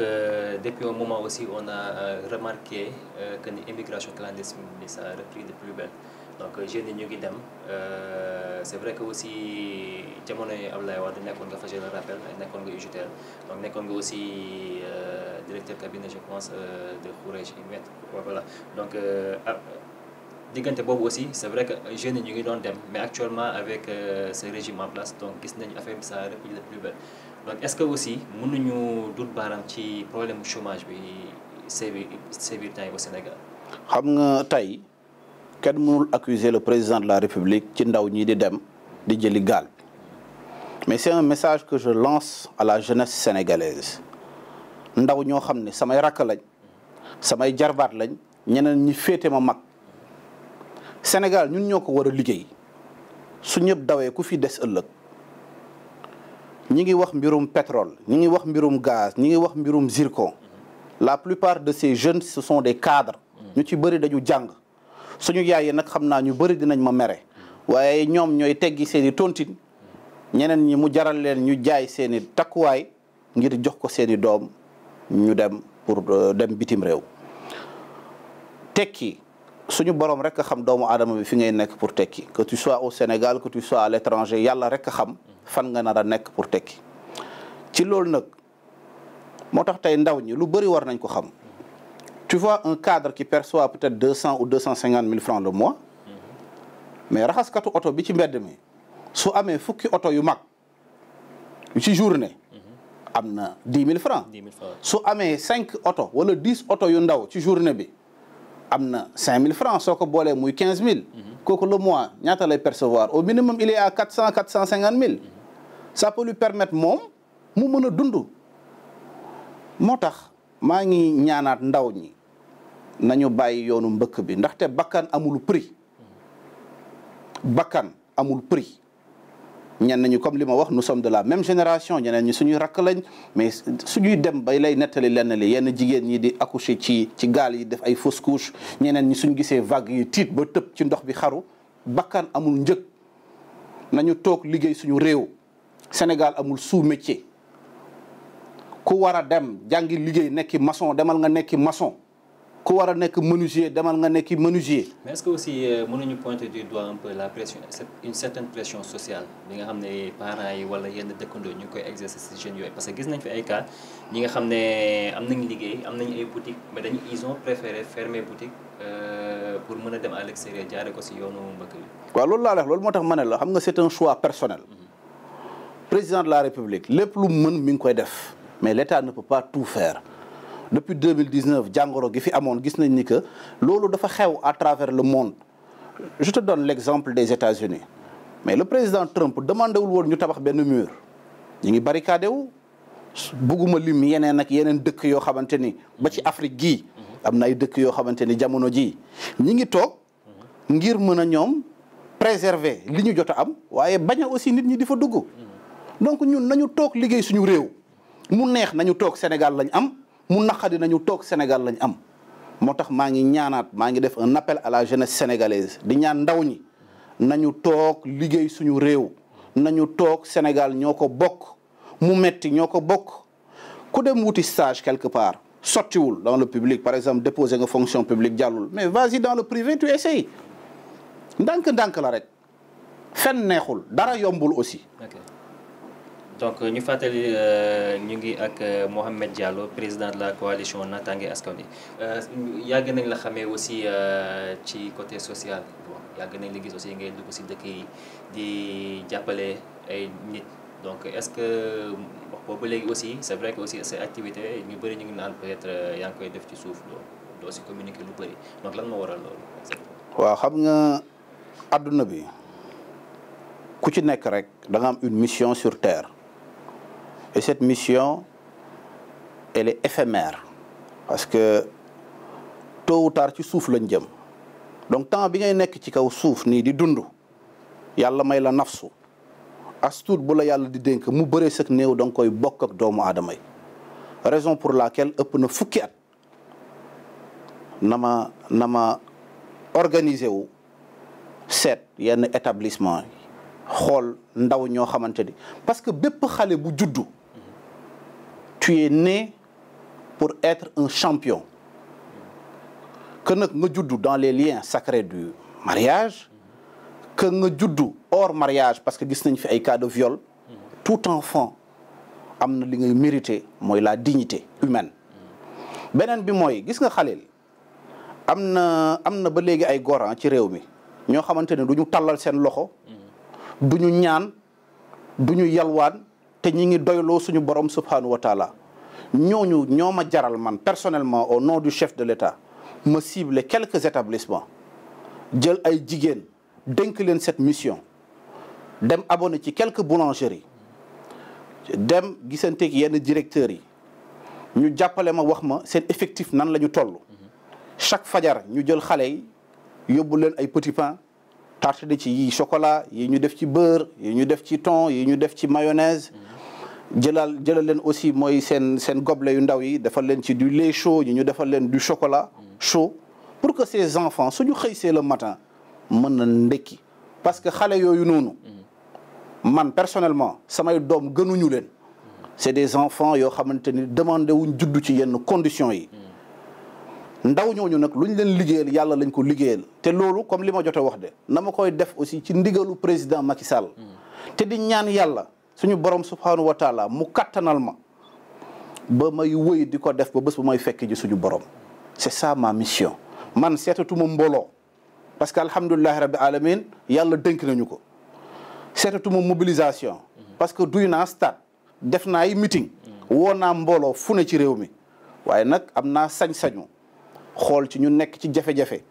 que depuis un moment aussi on a euh, remarqué euh, que ni immigration clandestine bi ça a de plus belle donc euh, jeunes yi ñu ngi dem c' est vrai que aussi jamono yi Abdoulaye Wade nekkoon nga fa je le rappelle nekkoon nga UJTL donc nekkoon nga aussi directeur cabinet je pense de Khoureychi Met voilà donc ah, diggante boobu aussi c' est vrai que jeunes yi ñu ngi doon dem mais actuellement avec ce régime en donc gis nañu affaire bi ça a de plus belle donc est-ce que aussi ñu dut baaram ci problème mu chomage bi sévir sévir temps Sénégal. xam nga tey kenn mënul accuser le président de la République ci ndaw ñi di dem di jëli gaal mais c'est un message que je lance à la jeunesse sénégalaise ndaw ñoo xam ne samay rakk lañ samay jarbaat lañ ñeneen ñi féete ma mag Sénégal ñun ñoo ko war a liggéey su ñëpp dawee ku fi des ëllëg. ñi ngi wax mbirum pétrole ñi ngi wax mbirum gaz ñi ngi wax mbirum zircon la plupart de ces jeunes ce des cadres ñu ci bëri dañu jàng suñu yaay yi nag xam naa ñu bëri dinañ ma mere waaye ñoom ñooy teggi seen i tontine ñeneen ñi mu jaral leen ñu jaay seeni takkuwaay ngir jox ko seen i doom ñu dem pour euh, dem bitim réew tekki suñu borom rek a xam doomu aadama bi fi ngay nekk pour tekki que tu sois au Sénégal que tu sois à l'étranger yàlla rek a xam fan nga nar a nekk pour tekki ci loolu nag moo tax tey ndaw ñi lu bëri war nañ ko xam tu fois un cadre qui persoit peut-être deux cent ou deux cent cinquante mille francs le mois mais raxaskatu oto bi ci mbedd mi su amee fukki oto yu mag yu ci journée am na dix mille francs su amee cinq oto wala dix oto yu ndaw ci journée bi am na cinq mille francs soo ko boolee muy quinze mille kooku le mois ñaata lay percevoir au minimum il est à quatre cent quatre cent cinquante mille ça peut lui moom mu mën a dund moo tax maa ngi ñaanaat ndaw ñi nañu bàyyi yoonu mbëkk bi ndaxte bakkan amul prix bakkan amul prix ñenn ñu comme li ma wax nous sommes de la même génération ñeneen ñi suñuy rakk lañ mais suñuy dem bay lay nettali lenn li yenn jigéen ñi di accoucher ci ci gaal yi def ay fausse couche ñeneen ñi suñ gisee vague yi tiit ba tëb ci ndox bi xaru bakkan amul njëg nañu toog liggéey suñu réew Sénégal amul sous métier ku war a dem jàngi liggéey nekki maçon demal nga nekki mason ku war a nekk menuisier demal nga nekki menuisier. mais est-ce que aussi euh, mënuñu pointer du doigt un peu la pression une certaine pression sociale bi nga xam ne parents yi wala yenn dëkkandoo ñu koy exercer ci jeunes yooyu parce que gis nañ fi ay cas ñi nga xam ne am nañ liggéey am nañ ay boutique mais dañu ils ont préféré fermer boutique euh, pour mën a dem à l'extérieur jaare ko si yoonu mbëkk bi. waaw loolu laa wax loolu moo tax ma ne la xam nga c'est un choix personnel. Mhm. président de la république lépp lu mën mi ngi koy def mais l'État ne peut pas tout faire. depuis 2019 jàngoro gi fi amoon gis nañ ni que loolu dafa xew à travers le monde je te donne l'exemple des États-Unis mais le président Trump demandé wul woon ñu tabax benn mur ñu ngi barricadé wu bugguma lim yeneen ak yeneen dëkk yoo xamante ni ba ci Afrique gii am na ay dëkk yoo xamante ni jamono jii ñi ngi toog ngir mën a ñoom préserver li ñu jot a am waaye bañ a aussi nit ñi di fa dugg donc ñun nañu toog liggéey suñu réew mu neex nañu toog Sénégal lañu am mu naqadi nañu toog Sénégal lañ am moo tax maa ngi ñaanaat maa ngi def un nappel à la jeunesse sénégalaise di ñaan ndaw ñi nañu toog liggéey suñu réew nañu toog Sénégal ñoo ko bokk mu metti ñoo ko bokk ku dem wuti stage quelque part sottiwul dans le public par exemple déposé nga fonction publique jàllul mais vas-y dans le privé tu essayes ndànk-ndànk la rek fenn neexul dara yombul aussi donc euh, ñu fàttali euh, ñu ngi ak euh, Mouhamed Diallo président de la coalition Natangué Askan Wi yàgg nañ la xamee aussi ci côté social bon yàgg nañ la gis aussi ngay dugg si dëkk di jàppale ay nit donc est-ce que boobu léegi aussi c'est vrai que aussi ces activité ñu bëri ñu ngi naan peut-être yaa ngi koy def ci suuf doo doo si communiquer lu bëri donc lan moo waral loolu. waaw xam nga àdduna bi ku ci nekk rek da am une mission sur terre. Et cette mission, elle éphémère parce que tôt ou tard ci suuf lañ jëm donc temps bi ngay nekk ci kaw suuf nii di dundu yàlla may la nafsu as tuut bu la yàlla di dénk mu bëree sëg néew donc nga koy bokk ak doomu aadama yi raison pour la laquelle ëpp na fukki at nama ma na ma organiser wu seet yenn établissement yi xool ndaw ñoo xamante ni parce que bépp xale bu juddu. tu es pour être un champion que nag nga juddu dans les liens sacré du mariage que nga juddu hors mariage parce que gis nañ fi ay cas de viol tout enfant am na li ngay mérité mooy la dignité humaine beneen bi mooy gis nga Khalil am na am na ba léegi ay goran ah ci réew mi ñoo xamante ne du ñu tàllal seen loxo du ñu ñaan du ñu yalwaan te ñi ngi doyloo suñu borom subhanahu wa taala ñooñu ñoo ma jaral man personnellement au nom du chef de l'État ma ciblé quelques établissements jël ay jigéen dénk leen cette mission dem abonné ci quelques boulangeries dem gisanteeg yenn directeurs yi ñu jàppale ma wax ma seen effectif nan la ñu toll chaque fajar ñu jël xale yi yóbbu leen ay petit pain tartiner ci yi chocolat yi ñu def ci bër yi ñu def ci thon yi ñu def ci mayonnaise jëlaal jëlal leen aussi mooy seen seen gobelet yu ndaw yi defal leen ci du lait chaud ñu ñu defal leen du chocolat chaud pour que ces enfants suñu xëysee le matin mën na ndekki parce que xale yooyu noonu man personnellement samay doom gënuñu leen c'est des enfants yoo xamante ni demandé wuñ juddu ci yenn conditions yi ndaw ñooñu nag luñ leen liggéeyal yàlla lañ ko liggéeyal te loolu comme li ma jot wax de na ma koy def aussi ci ndigalu président Macky Sall te di ñaan yàlla suñu borom subhanahu wa taala mu kattanal ma ba may woy di ko def ba bés bu may fekk ji suñu borom c'est ça ma mission man seetatuma mbooloo parce que alhamdulilahi rabbi alamin yàlla dénk nañu ko seetatuma mobilisation parce que duy na stade def naa ay meeting woo naa mbooloo fu ne ci réew mi waaye nag am naa sañ-sañu xool ci ñu nekk ci jafe-jafe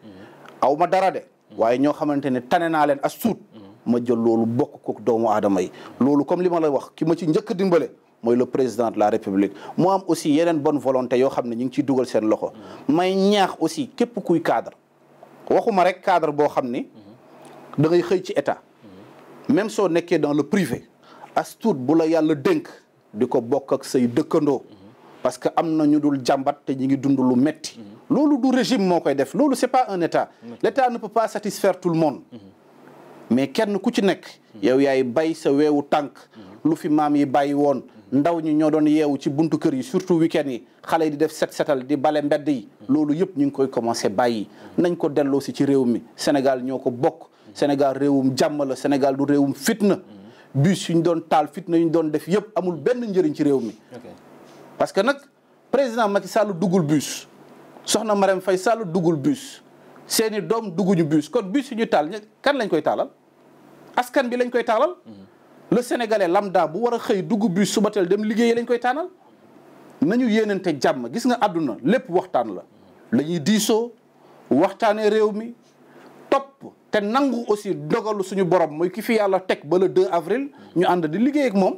aw ma dara de waaye ñoo xamante ne tane naa leen as suut ma jël loolu bokk ko doomu aadama yi loolu comme li ma la wax ki ma ci njëkk dimbale mooy le président de la république mu aussi yeneen bonne volonté yoo xam ne ñu ngi ciy dugal seen loxo may ñaax aussi képp kuy cadre waxuma rek cadre boo xam ni da ngay xëy ci état même soo nekkee dans le privé as tuut bu la yàlla dënk di ko bokk ak say dëkkandoo parce que am na ñu dul jàmbat te ñu ngi dund lu metti loolu du régime moo koy def loolu c'est pas un état l'état ne pas satisfaire tout le monde mm-hmm. mais kenn ku ci nekk yow yaay bay sa weewu tànk lu fi maam yi bàyyi woon ndaw ñi ñoo doon yeewu ci buntu kër yi surtout wi kenn yi xale yi di def set setal di bale mbedd yi loolu yëpp ñu ngi koy commencé bàyyi nañ ko delloo si ci réew mi Sénégal ñoo ko bokk Sénégal réewum jàmm Sénégal du réewum fitna bus yu ñu doon taal fitna yu ñu doon def yëpp amul benn njëriñ ci réew mi parce que nag président Macky Sall duggul bus soxna Marème fay Sall duggul bus seeni doom dugguñu bus kon bus yu ñu taal kan lañ koy taalal askan bi lañ koy taalal mm-hmm. le sénégalais lambda bu war a xëy dugub bi subatel dem liggéeyi lañ koy taalal nañu yéenante jàmm gis nga àdduna lépp waxtaan la mm-hmm. lañuy diisoo waxtaanee réew mi topp te nangu aussi dogalu suñu borom mooy ki fi yàlla teg ba le 2 avril mm-hmm. ñu ànd di liggéey ak moom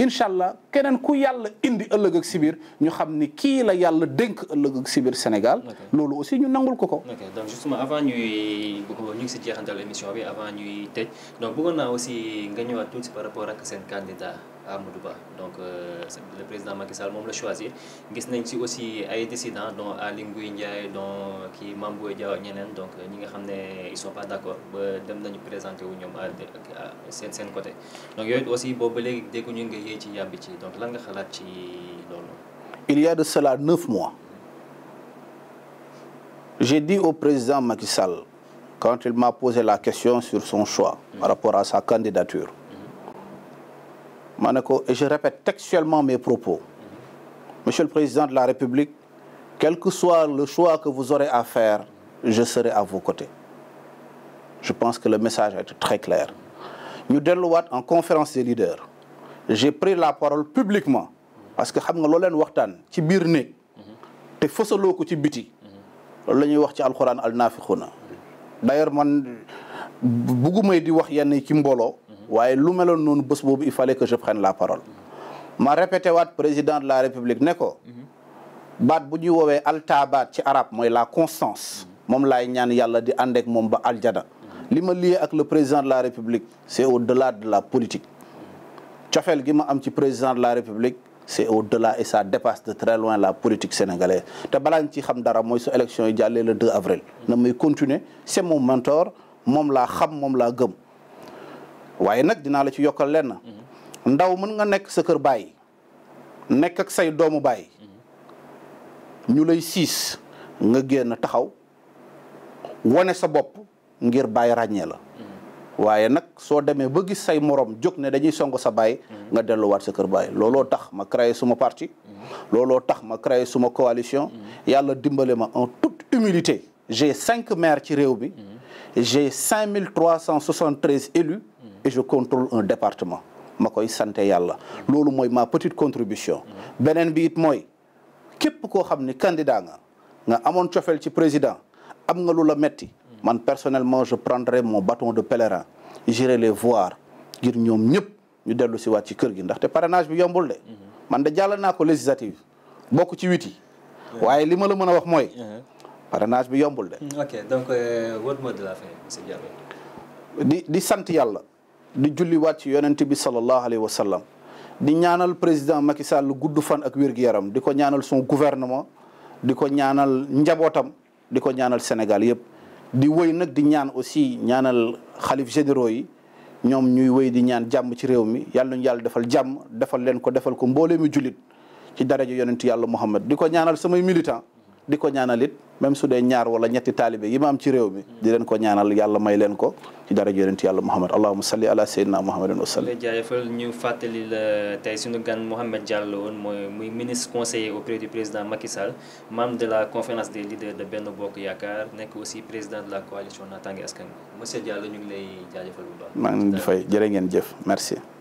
incha allah keneen ku yàlla indi ëllëg ak sibir ñu xam ni kii la yàlla dénk ëllëg ak sibir Sénégal. loolu aussi ñu nangul ko ko. ok donc justement avant ñuy ñu ngi si jeexantal émission bi avant ñuy tëj donc bëggoon naa aussi nga ñëwaat tuuti par rapport ak seen candidat. Amadou Ba donc euh, le président Macky Sall moom la choisir gis nañ ci aussi ay dissidents dont Aly Ngouille Ndiaye dont kii Mame Boye Diao ñeneen donc ñi nga xam ne ils sont pas d'accord ba dem nañu présenter wu ñoom seen seen côté donc yooyu aussi boobu ba léegi dégguñu nga yéey ci yàbbi ci donc lan nga xalaat ci il a de cela neuf mois j'ai dit au président Macky Sall quand il m'a posé la question sur son choix. Mm. par rapport à sa candidature. ma ne ko et je répète textuellement mes propos monsieur le président de la république quel que soit le choix que vous aurez à faire je serai à vos côtés je pense que le message a été très clair ñu delluwaat en conférence des leaders j'ai pris la parole publiquement parce que xam nga loo leen waxtaan ci biir néeg te fësaloo ko ci biti loolu la ñuy wax ci alxuraan al naafixuna d'ailleurs man buggumay di wax yenn ci mbooloo waaye lu meloon noonu bës boobu il fallait que je prenne la parole ma répété waat président de la république ne ko baat bu ñuy woowee altaabaat ci arab mooy la constance moom laay ñaan yàlla di ànd moom ba aljada li ma lié ak le président de la république c'est au-delà de la politique cofeel gi ma am ci président de la république c'est au-delà et ça dépasse de très loin la politique sénégalaise te balaa ñu ci xam dara mooy su élection yi jàllee le 2 avril na muy continuer c'est mon mentor moom laa xam moom laa gëm waaye nag dinaa la ci yokkal lenn. ndaw mën nga nekk sa kër baay nekk ak say doomu baay ñu lay siis nga génn taxaw wane sa bopp ngir baay ràññee la. waaye nag soo demee ba gis say morom jóg ne dañuy song sa baay nga delluwaat sa kër baay looloo tax ma créé suma partie looloo tax ma créer suma coalition yàlla dimbale ma en tout humilité j'ai cinq maires ci réew bi j'ai cinq mille trois cent soixante-treize élus et je contrôle un département ma koy sante yàlla loolu mooy ma petite contribution beneen bi it mooy képp koo xam ni candidat nga nga amoon cofeel ci président am nga lu la metti man personnellement je prendrai mon bâton de pèlerin j'irai les voir ngir ñoom ñëpp ñu dellu si waat ci kër gi ndaxte parenage bi yombul de man de jàll naa ko législative bokk ci huit yi waaye li ma la mën a wax mooy parrainage bi yombul de ok donc votre euh, mot di di sant yàlla di julliwaat ci yonent bi sallallahu alayhi wa sallam di ñaanal président Macky Sall gudd fan ak wér yaram di ko ñaanal son gouvernement di ko ñaanal njabootam di ko ñaanal Sénégal yëpp di wëy nag di ñaan aussi ñaanal xalif généraux yi ñoom ñuy wëy di ñaan jàmm ci réew mi yàlla ñu yàlla defal jàmm defal leen ko defal ko mboolee mi jullit ci daraja yonent yàlla Muhammad di ko ñaanal samay militant di ko ñaanal it même su dee ñaar wala ñetti taalibe yi am ci réew mi di leen ko ñaanal yàlla may leen ko ci dara yonent yàlla Muhammad allahumma salli ala sayyidina Muhammadin wa sallam jaajëfal ñu fàttali la tey suñu gan Mouhamed Diallo woon mooy muy ministre conseiller auprès président Macky Sall membre de la conférence des leaders de Benno Bokk Yaakaar nekk aussi président de la coalition Natangué Askan monsieur Diallo ñu ngi lay jaajëfal bu baax ngeen jëf merci